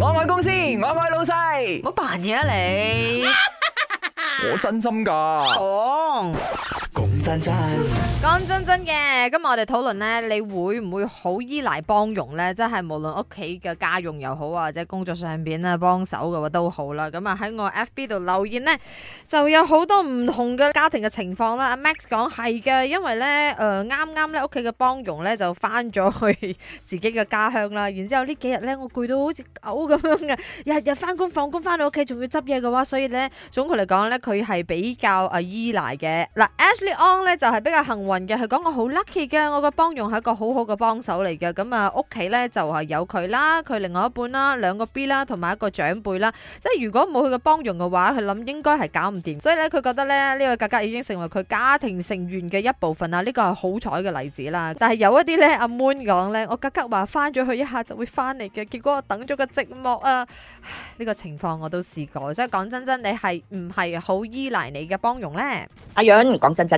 我愛公司，我愛老細。唔好扮嘢啊你！ 我真心噶。哦講真真嘅，今日我哋討論呢，你會唔會好依賴幫傭呢？即係無論屋企嘅家用又好啊，或者工作上邊咧幫手嘅話都好啦。咁啊喺我 FB 度留言呢，就有好多唔同嘅家庭嘅情況啦。阿 Max 講係嘅，因為呢誒啱啱咧屋企嘅幫傭呢，呃、就翻咗去自己嘅家鄉啦。然之後呢幾日呢，我攰到好似狗咁樣嘅，日日翻工放工翻到屋企仲要執嘢嘅話，所以呢，總括嚟講呢，佢係比較啊依賴嘅嗱安咧就係比較幸運嘅，佢講我好 lucky 嘅，我個幫傭係一個好好嘅幫手嚟嘅。咁啊，屋企咧就係有佢啦，佢另外一半啦，兩個 B 啦，同埋一個長輩啦。即係如果冇佢個幫傭嘅話，佢諗應該係搞唔掂。所以咧，佢覺得咧呢個格格已經成為佢家庭成員嘅一部分啦。呢個係好彩嘅例子啦。但係有一啲咧，阿 moon 講咧，我格格話翻咗去一下就會翻嚟嘅，結果我等咗個寂寞啊。呢個情況我都試過，所以講真真，你係唔係好依賴你嘅幫傭咧？阿楊講真真。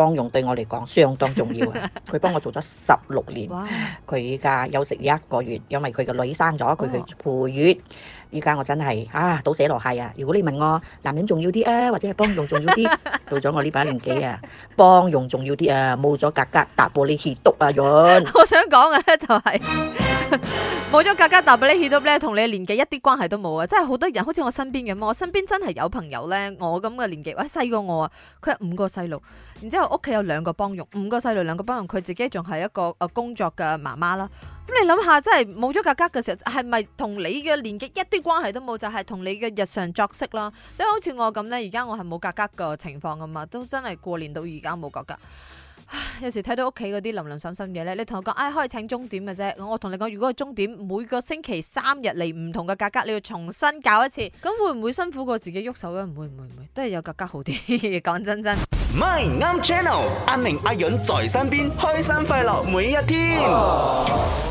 幫傭對我嚟講相當重要啊！佢幫我做咗十六年，佢依家休息一個月，因為佢個女生咗，佢去陪月。依家我真係啊，倒瀉籮蟹啊！如果你問我男人重要啲啊，或者係幫傭重要啲？ 到咗我呢把年紀啊，幫傭重要啲啊！冇咗格格打玻璃器篤啊，潤！我想講嘅咧就係冇咗格格打玻璃器篤咧，同你年紀一啲關係都冇啊！真係好多人好似我身邊咁啊，我身邊真係有朋友咧，我咁嘅年紀，喂、哎，細過我啊，佢有五個細路，然之後。屋企有兩個幫傭，五個細路，兩個幫傭，佢自己仲係一個誒工作嘅媽媽啦。咁你諗下，真係冇咗格格嘅時候，係咪同你嘅年紀一啲關係都冇？就係、是、同你嘅日常作息囉。即係好似我咁呢，而家我係冇格格嘅情況噶嘛，都真係過年到而家冇格格。有時睇到屋企嗰啲零零散散嘢咧，你同我講，哎，可以請鐘點嘅啫。我同你講，如果係鐘點，每個星期三日嚟唔同嘅價格，格，你要重新搞一次，咁會唔會辛苦過自己喐手咧？唔會唔會唔會，都係有格格好啲。講真真。My n m Channel，阿明阿潤在身邊開心快樂每一天。Oh.